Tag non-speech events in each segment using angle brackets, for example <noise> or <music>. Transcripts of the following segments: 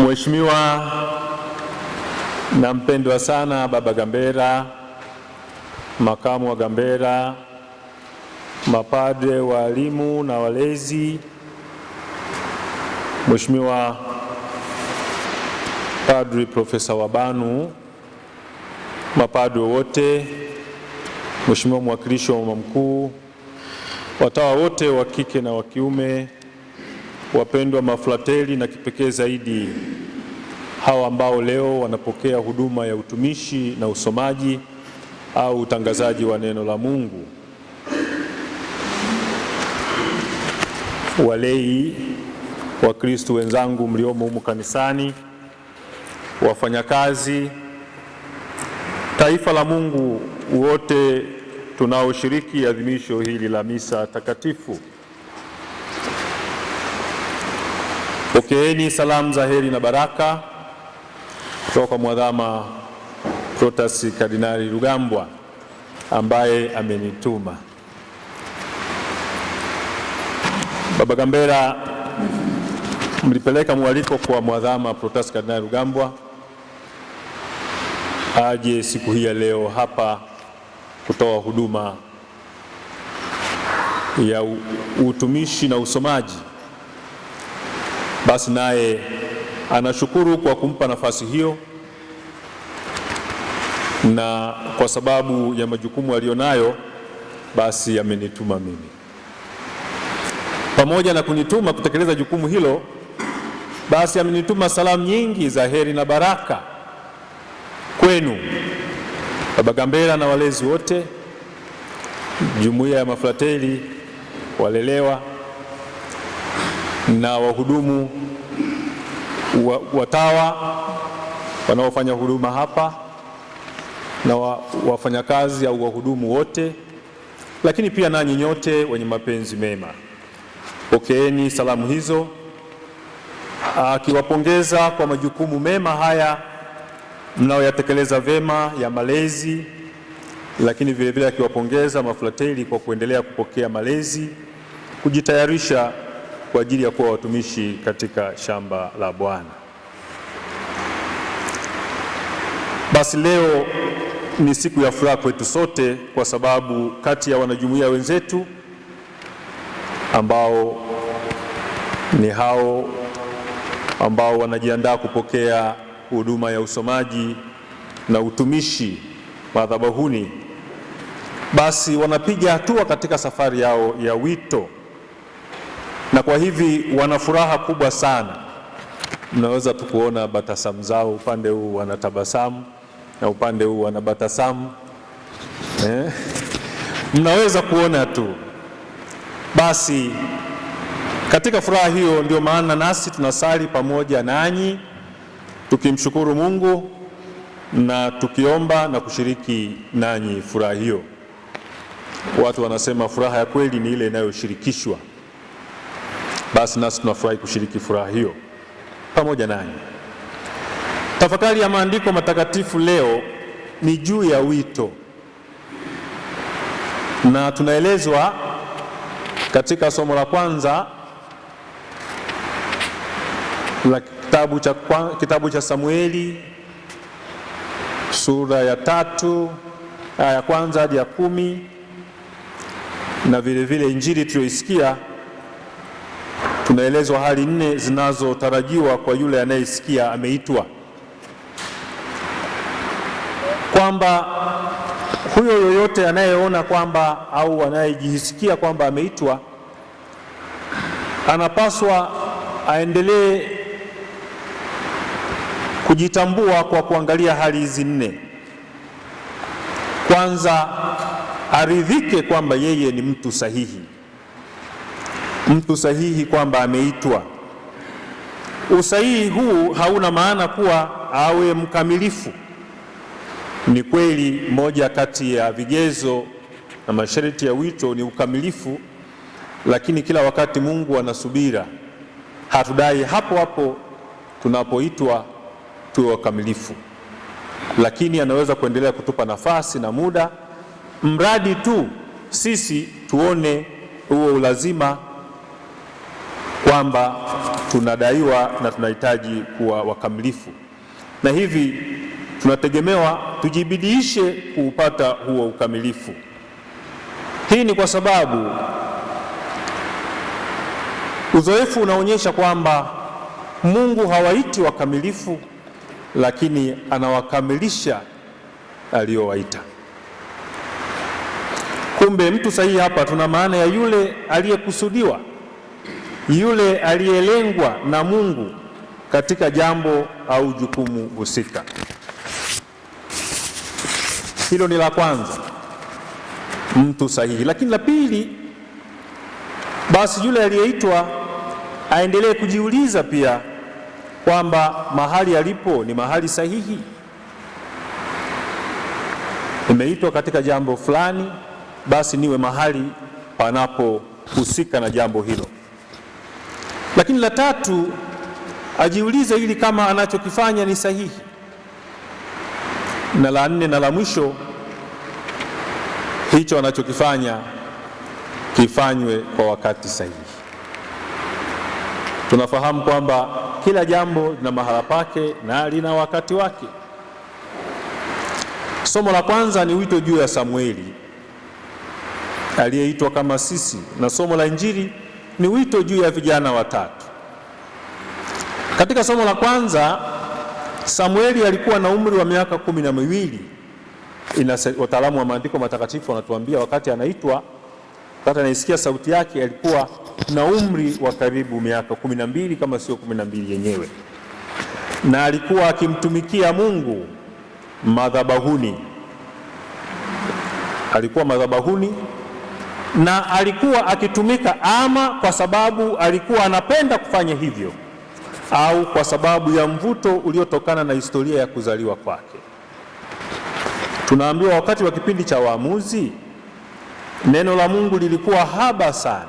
Mheshimiwa na mpendwa sana Baba Gambera, makamu wa Gambera, mapadre, walimu na walezi, Mheshimiwa Padri Profesa Wabanu, mapadre wote, Mheshimiwa mwakilishi wa mama mkuu, watawa wote wa kike na wa kiume wapendwa maflateli na kipekee zaidi hawa ambao leo wanapokea huduma ya utumishi na usomaji au utangazaji wa neno la Mungu, walei, Kristo wenzangu mliomo humu kanisani, wafanyakazi, taifa la Mungu, wote tunaoshiriki adhimisho hili la misa takatifu. Pokeeni salamu za heri na baraka kutoka kwa mwadhama Protasi Kardinali Rugambwa ambaye amenituma. Baba Gambera, mlipeleka mwaliko kwa mwadhama Protas Kardinali Rugambwa aje siku hii ya leo hapa kutoa huduma ya utumishi na usomaji basi naye anashukuru kwa kumpa nafasi hiyo, na kwa sababu ya majukumu aliyonayo basi amenituma mimi. Pamoja na kunituma kutekeleza jukumu hilo, basi amenituma salamu nyingi za heri na baraka kwenu Baba Gambela na walezi wote, jumuiya ya mafrateli walelewa na wahudumu wa, watawa wanaofanya huduma hapa na wa, wafanyakazi au wahudumu wote, lakini pia nanyi nyote wenye mapenzi mema, pokeeni salamu hizo, akiwapongeza kwa majukumu mema haya mnaoyatekeleza vema ya malezi, lakini vilevile akiwapongeza maflateli kwa kuendelea kupokea malezi, kujitayarisha kwa ajili ya kuwa watumishi katika shamba la Bwana. Basi leo ni siku ya furaha kwetu sote, kwa sababu kati ya wanajumuiya wenzetu ambao ni hao ambao wanajiandaa kupokea huduma ya usomaji na utumishi madhabahuni, basi wanapiga hatua katika safari yao ya wito na kwa hivi wana furaha kubwa sana. Mnaweza tu kuona batasamu zao, upande huu wanatabasamu na upande huu wanabatasamu eh? Mnaweza kuona tu. Basi katika furaha hiyo ndio maana nasi tunasali pamoja nanyi tukimshukuru Mungu na tukiomba na kushiriki nanyi furaha hiyo. Watu wanasema furaha ya kweli ni ile inayoshirikishwa basi nasi tunafurahi kushiriki furaha hiyo pamoja nanyi. Tafakari ya maandiko matakatifu leo ni juu ya wito, na tunaelezwa katika somo la kwanza la kitabu cha, kitabu cha Samueli sura ya tatu ya kwanza hadi ya kumi na vilevile Injili tuliyoisikia Tunaelezwa hali nne zinazotarajiwa kwa yule anayesikia ameitwa, kwamba huyo yoyote anayeona kwamba au anayejisikia kwamba ameitwa anapaswa aendelee kujitambua kwa kuangalia hali hizi nne. Kwanza, aridhike kwamba yeye ni mtu sahihi mtu sahihi kwamba ameitwa. Usahihi huu hauna maana kuwa awe mkamilifu. Ni kweli moja kati ya vigezo na masharti ya wito ni ukamilifu, lakini kila wakati Mungu anasubira. Hatudai hapo hapo tunapoitwa tuwe wakamilifu, lakini anaweza kuendelea kutupa nafasi na muda, mradi tu sisi tuone huo ulazima kwamba tunadaiwa na tunahitaji kuwa wakamilifu, na hivi tunategemewa tujibidiishe kuupata huo ukamilifu. Hii ni kwa sababu uzoefu unaonyesha kwamba Mungu hawaiti wakamilifu, lakini anawakamilisha aliyowaita. Kumbe mtu sahihi hapa tuna maana ya yule aliyekusudiwa yule aliyelengwa na Mungu katika jambo au jukumu husika. Hilo ni la kwanza, mtu sahihi. Lakini la pili, basi yule aliyeitwa aendelee kujiuliza pia kwamba mahali alipo ni mahali sahihi. Nimeitwa katika jambo fulani, basi niwe mahali panapohusika na jambo hilo. Lakini la tatu, ajiulize ili kama anachokifanya ni sahihi, na la nne na la mwisho, hicho anachokifanya kifanywe kwa wakati sahihi. Tunafahamu kwamba kila jambo lina mahala pake na lina wakati wake. Somo la kwanza ni wito juu ya Samueli aliyeitwa kama sisi, na somo la Injili ni wito juu ya vijana watatu. Katika somo la kwanza, Samueli alikuwa na umri wa miaka kumi na miwili. Wataalamu wa maandiko matakatifu wanatuambia wakati anaitwa, wakati anaisikia sauti yake, alikuwa na umri wa karibu miaka kumi na mbili kama sio kumi na mbili yenyewe, na alikuwa akimtumikia Mungu madhabahuni, alikuwa madhabahuni na alikuwa akitumika ama kwa sababu alikuwa anapenda kufanya hivyo au kwa sababu ya mvuto uliotokana na historia ya kuzaliwa kwake. Tunaambiwa wakati wa kipindi cha Waamuzi neno la Mungu lilikuwa haba sana.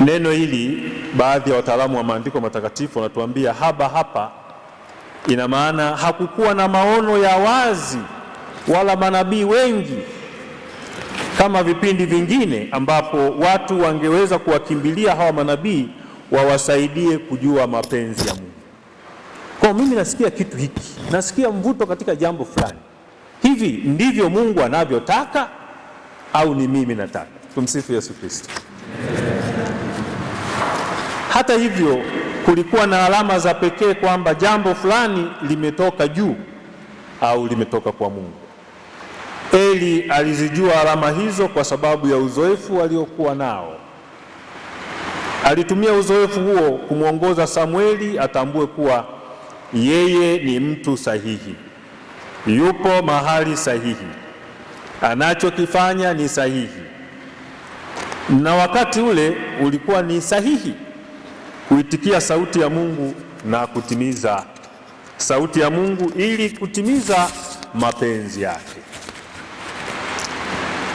Neno hili baadhi ya wataalamu wa maandiko matakatifu wanatuambia haba hapa ina maana hakukuwa na maono ya wazi wala manabii wengi kama vipindi vingine ambapo watu wangeweza kuwakimbilia hawa manabii wawasaidie kujua mapenzi ya Mungu. Kwa mimi nasikia kitu hiki, nasikia mvuto katika jambo fulani. Hivi ndivyo Mungu anavyotaka au ni mimi nataka? Tumsifu Yesu Kristo. Hata hivyo, kulikuwa na alama za pekee kwamba jambo fulani limetoka juu au limetoka kwa Mungu. Eli alizijua alama hizo kwa sababu ya uzoefu aliokuwa nao. Alitumia uzoefu huo kumwongoza Samueli atambue kuwa yeye ni mtu sahihi, yupo mahali sahihi, anachokifanya ni sahihi, na wakati ule ulikuwa ni sahihi kuitikia sauti ya Mungu na kutimiza sauti ya Mungu ili kutimiza mapenzi yake.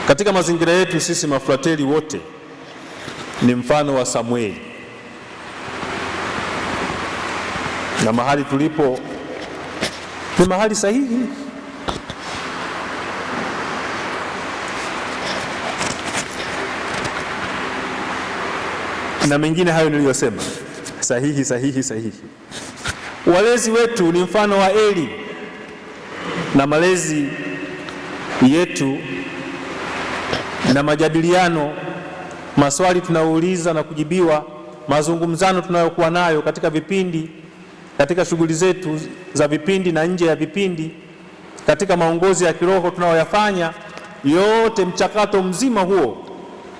Katika mazingira yetu sisi mafrateli wote ni mfano wa Samueli, na mahali tulipo ni mahali sahihi. na mengine hayo niliyosema, sahihi sahihi sahihi. Walezi wetu ni mfano wa Eli na malezi yetu na majadiliano, maswali tunayouliza na kujibiwa, mazungumzano tunayokuwa nayo katika vipindi, katika shughuli zetu za vipindi na nje ya vipindi, katika maongozi ya kiroho tunayoyafanya, yote mchakato mzima huo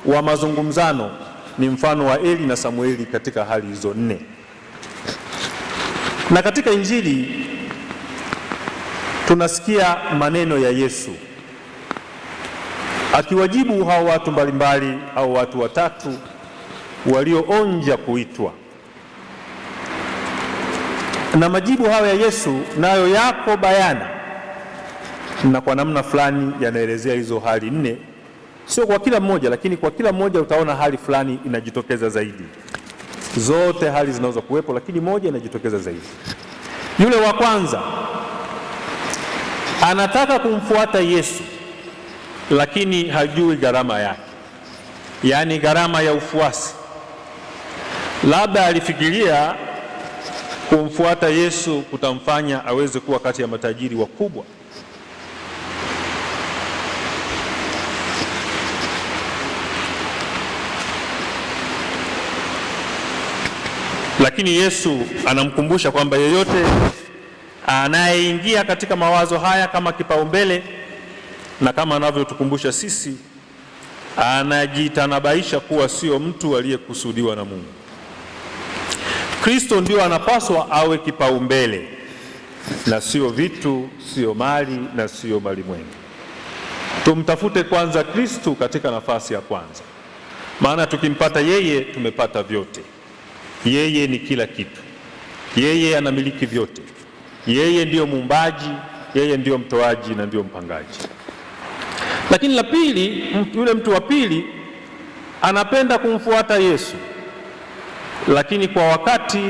wa mazungumzano ni mfano wa Eli na Samueli katika hali hizo nne. Na katika Injili tunasikia maneno ya Yesu akiwajibu hao watu mbalimbali au watu watatu walioonja kuitwa. Na majibu hayo ya Yesu nayo yako bayana na kwa namna fulani yanaelezea hizo hali nne, sio kwa kila mmoja, lakini kwa kila mmoja utaona hali fulani inajitokeza zaidi. Zote hali zinaweza kuwepo, lakini moja inajitokeza zaidi. Yule wa kwanza anataka kumfuata Yesu lakini hajui gharama yake, yaani gharama ya ufuasi. Labda alifikiria kumfuata Yesu kutamfanya aweze kuwa kati ya matajiri wakubwa. Lakini Yesu anamkumbusha kwamba yeyote anayeingia katika mawazo haya kama kipaumbele na kama anavyotukumbusha sisi, anajitanabaisha kuwa sio mtu aliyekusudiwa na Mungu. Kristo ndio anapaswa awe kipaumbele na sio vitu, sio mali na sio mali mwengi Tumtafute kwanza Kristo katika nafasi ya kwanza, maana tukimpata yeye tumepata vyote. Yeye ni kila kitu, yeye anamiliki vyote, yeye ndiyo muumbaji, yeye ndiyo mtoaji na ndiyo mpangaji. Lakini la pili, yule mtu wa pili anapenda kumfuata Yesu, lakini kwa wakati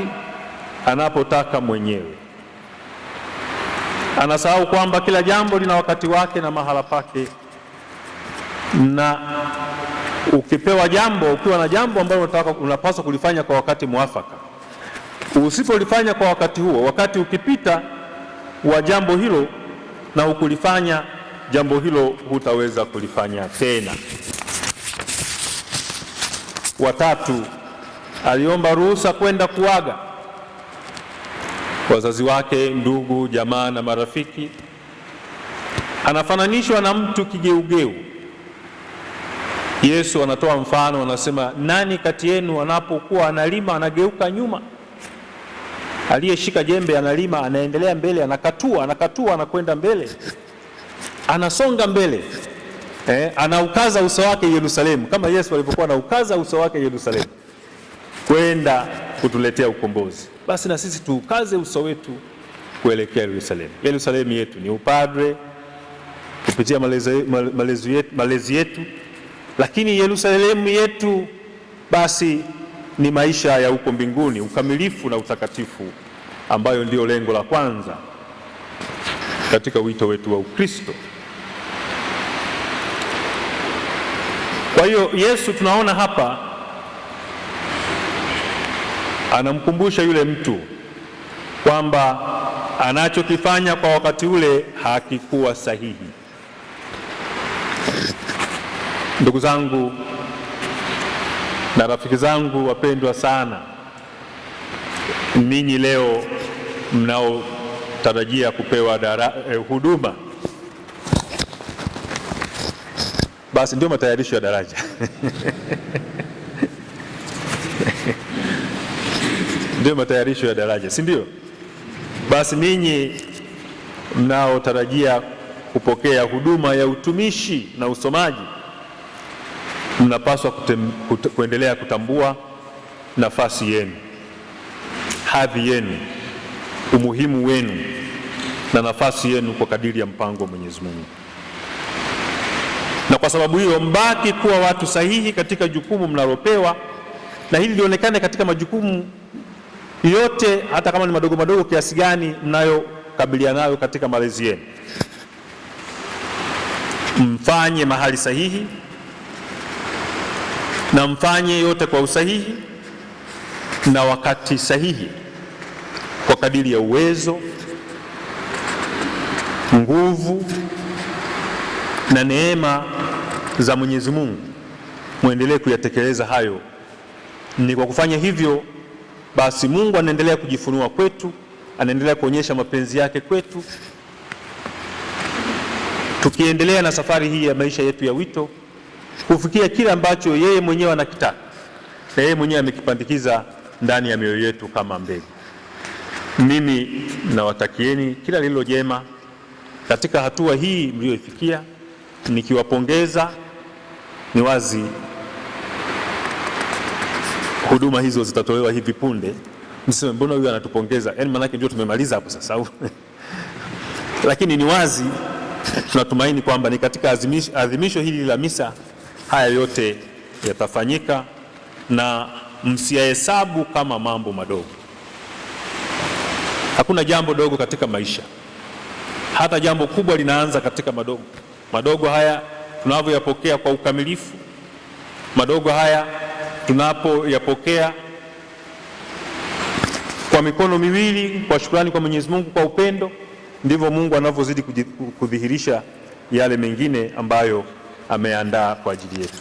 anapotaka mwenyewe. Anasahau kwamba kila jambo lina wakati wake na mahala pake, na ukipewa jambo, ukiwa na jambo ambalo unataka unapaswa kulifanya kwa wakati mwafaka, usipolifanya kwa wakati huo, wakati ukipita wa jambo hilo na ukulifanya jambo hilo hutaweza kulifanya tena. Watatu, aliomba ruhusa kwenda kuaga wazazi wake, ndugu, jamaa na marafiki. Anafananishwa na mtu kigeugeu. Yesu anatoa mfano, anasema, nani kati yenu anapokuwa analima anageuka nyuma? Aliyeshika jembe analima, anaendelea mbele, anakatua, anakatua, anakwenda mbele anasonga mbele eh, anaukaza uso wake Yerusalemu kama Yesu alivyokuwa anaukaza uso wake Yerusalemu kwenda kutuletea ukombozi. Basi na sisi tuukaze uso wetu kuelekea Yerusalemu. Yerusalemu yetu ni upadre kupitia malezi, yetu, malezi yetu, lakini Yerusalemu yetu basi ni maisha ya huko mbinguni, ukamilifu na utakatifu, ambayo ndiyo lengo la kwanza katika wito wetu wa Ukristo. Kwa hiyo Yesu tunaona hapa anamkumbusha yule mtu kwamba anachokifanya kwa wakati ule hakikuwa sahihi. Ndugu zangu na rafiki zangu wapendwa sana, ninyi leo mnaotarajia kupewa dara, eh, huduma basi ndio matayarisho ya daraja ndio matayarisho ya daraja, si ndio? Basi ninyi mnaotarajia kupokea huduma ya utumishi na usomaji, mnapaswa kutem, kut, kuendelea kutambua nafasi yenu, hadhi yenu, umuhimu wenu na nafasi yenu kwa kadiri ya mpango wa Mwenyezi Mungu na kwa sababu hiyo mbaki kuwa watu sahihi katika jukumu mnalopewa, na hili lionekane katika majukumu yote, hata kama ni madogo madogo kiasi gani mnayokabiliana nayo katika malezi yenu. Mfanye mahali sahihi na mfanye yote kwa usahihi na wakati sahihi, kwa kadiri ya uwezo, nguvu na neema za Mwenyezi Mungu, mwendelee kuyatekeleza hayo. Ni kwa kufanya hivyo basi Mungu anaendelea kujifunua kwetu, anaendelea kuonyesha mapenzi yake kwetu. Tukiendelea na safari hii ya maisha yetu ya wito kufikia kile ambacho yeye mwenyewe anakitaka na yeye mwenyewe amekipandikiza ndani ya mioyo yetu kama mbegu. Mimi nawatakieni kila lililo jema katika hatua hii mliyoifikia nikiwapongeza ni wazi huduma hizo zitatolewa hivi punde, mseme mbona huyu anatupongeza? Yani maanake ndio tumemaliza hapo sasa <laughs> lakini ni wazi tunatumaini kwamba ni katika adhimisho, adhimisho hili la misa haya yote yatafanyika, na msiyahesabu kama mambo madogo. Hakuna jambo dogo katika maisha, hata jambo kubwa linaanza katika madogo madogo haya tunavyoyapokea kwa ukamilifu, madogo haya tunapoyapokea kwa mikono miwili, kwa shukrani kwa Mwenyezi Mungu, kwa upendo, ndivyo Mungu anavyozidi kudhihirisha yale mengine ambayo ameandaa kwa ajili yetu.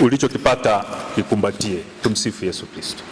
Ulichokipata kikumbatie. Tumsifu Yesu Kristo.